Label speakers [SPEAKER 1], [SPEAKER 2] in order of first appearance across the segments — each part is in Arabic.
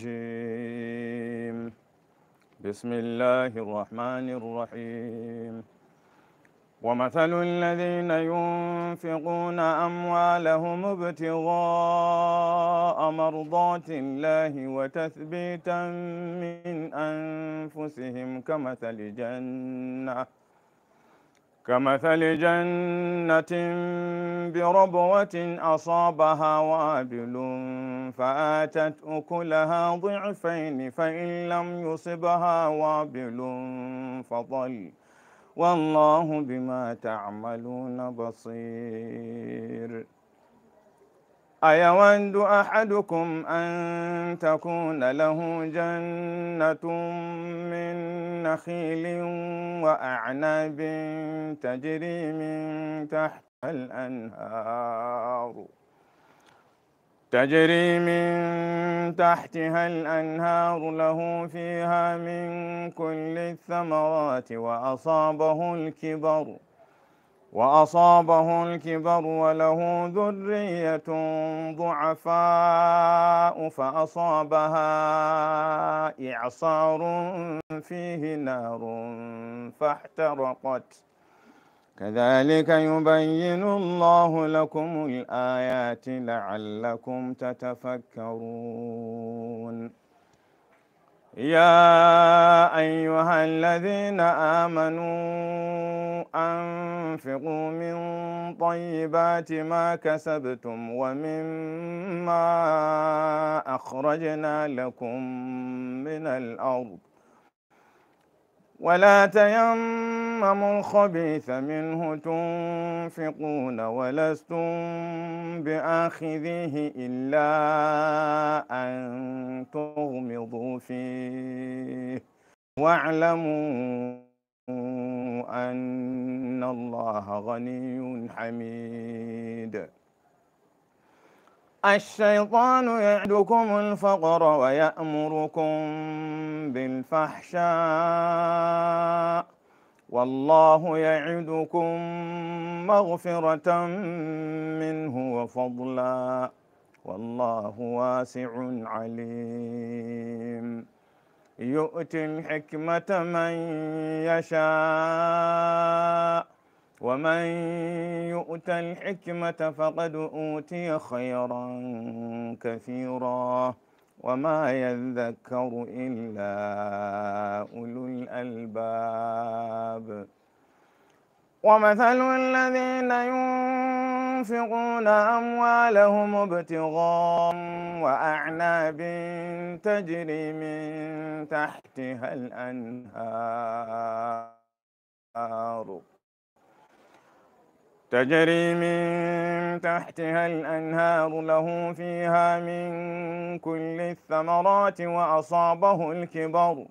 [SPEAKER 1] الرجيم بسم الله الرحمن الرحيم ومثل الذين ينفقون أموالهم ابتغاء مرضات الله وتثبيتا من أنفسهم كمثل جنة كمثل جنة بربوة أصابها وابل فآتت أكلها ضعفين فإن لم يصبها وابل فضل والله بما تعملون بصير أيود أحدكم أن تكون له جنة من نخيل وأعناب تجري من تحت الأنهار تجري من تحتها الأنهار له فيها من كل الثمرات وأصابه الكبر ۖ وأصابه الكبر وله ذرية ضعفاء فأصابها إعصار فيه نار فاحترقت كذلك يبين الله لكم الآيات لعلكم تتفكرون يا أيها الذين آمنوا أنفقوا من طيبات ما كسبتم ومما أخرجنا لكم من الأرض ولا تيمموا وأنتم الخبيث منه تنفقون ولستم بآخذه إلا أن تغمضوا فيه واعلموا أن الله غني حميد الشيطان يعدكم الفقر ويأمركم بالفحشاء والله يعدكم مغفرة منه وفضلا والله واسع عليم يؤتي الحكمة من يشاء ومن يؤت الحكمة فقد أوتي خيرا كثيرا وما يذكر إلا أولو الألباب ومثل الذين ينفقون أموالهم ابتغاء وأعناب تجري من تحتها الأنهار تجري من تحتها الأنهار له فيها من كل الثمرات وأصابه الكبر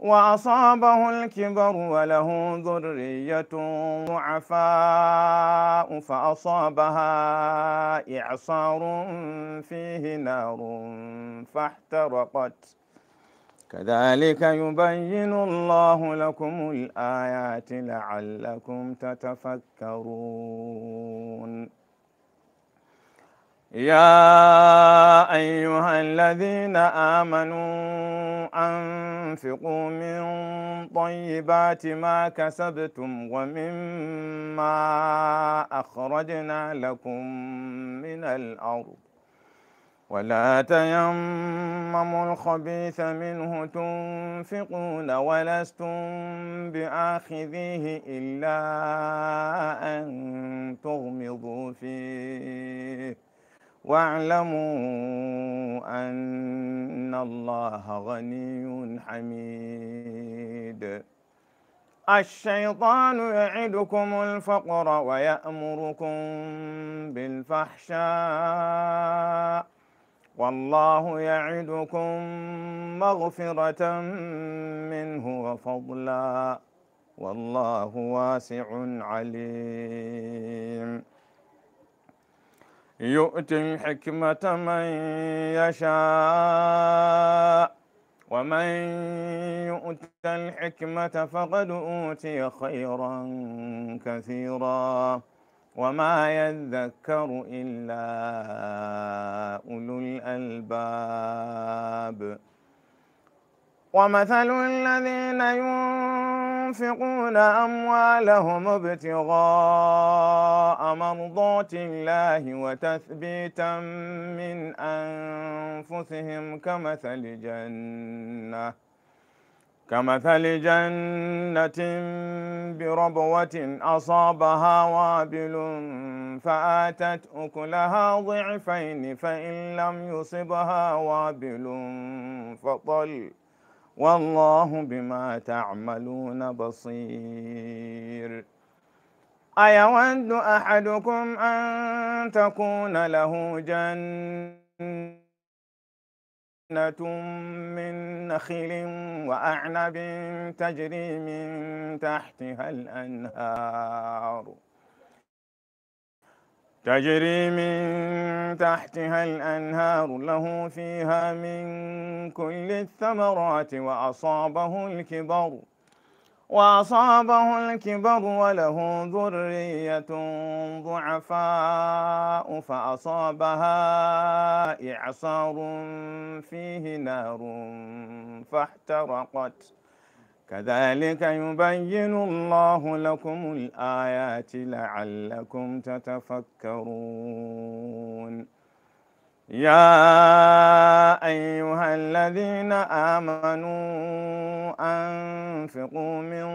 [SPEAKER 1] وأصابه الكبر وله ذرية ضعفاء فأصابها إعصار فيه نار فاحترقت كذلك يبين الله لكم الآيات لعلكم تتفكرون يا أيها الذين آمنوا أنفقوا من طيبات ما كسبتم ومما أخرجنا لكم من الأرض ولا تيمموا الخبيث منه تنفقون ولستم بآخذيه إلا أن تغمضوا فيه واعلموا أن الله غني حميد الشيطان يعدكم الفقر ويأمركم بالفحشاء والله يعدكم مغفرة منه وفضلا والله واسع عليم يؤتي الحكمة من يشاء ومن يؤت الحكمة فقد أوتي خيرا كثيرا وما يذكر إلا أولو الألباب ومثل الذين ينفقون أموالهم ابتغاء مرضات الله وتثبيتا من أنفسهم كمثل جنة كمثل جنة بربوة أصابها وابل فآتت أكلها ضعفين فإن لم يصبها وابل فطل والله بما تعملون بصير أيود أحدكم أن تكون له جنة جنة من نخيل وأعنب تجري من تحتها الأنهار تجري من تحتها الأنهار له فيها من كل الثمرات وأصابه الكبر وأصابه الكبر وله ذرية ضعفاء فأصابها إعصار فيه نار فاحترقت كذلك يبين الله لكم الآيات لعلكم تتفكرون يا أيها الذين آمنوا أنفقوا من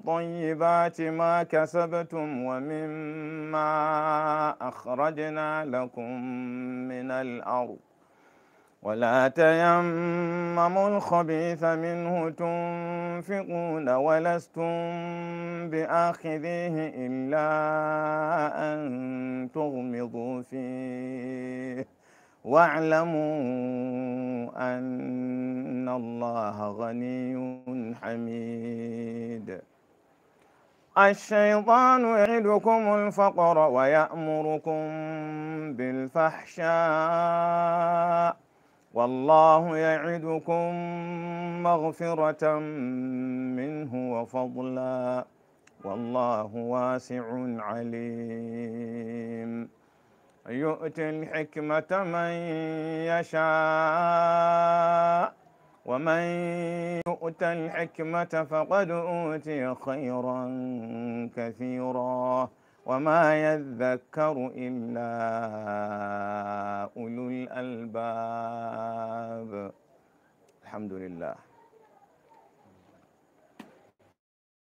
[SPEAKER 1] طيبات ما كسبتم ومما أخرجنا لكم من الأرض ولا تيمموا الخبيث منه تنفقون ولستم بآخذيه إلا أن تغمضوا فيه واعلموا أن الله غني حميد الشيطان يعدكم الفقر ويأمركم بالفحشاء والله يعدكم مغفرة منه وفضلا والله واسع عليم يؤتي الحكمة من يشاء ومن يؤت الحكمة فقد أوتي خيرا كثيرا وما يذكر إلا أولو الألباب الحمد لله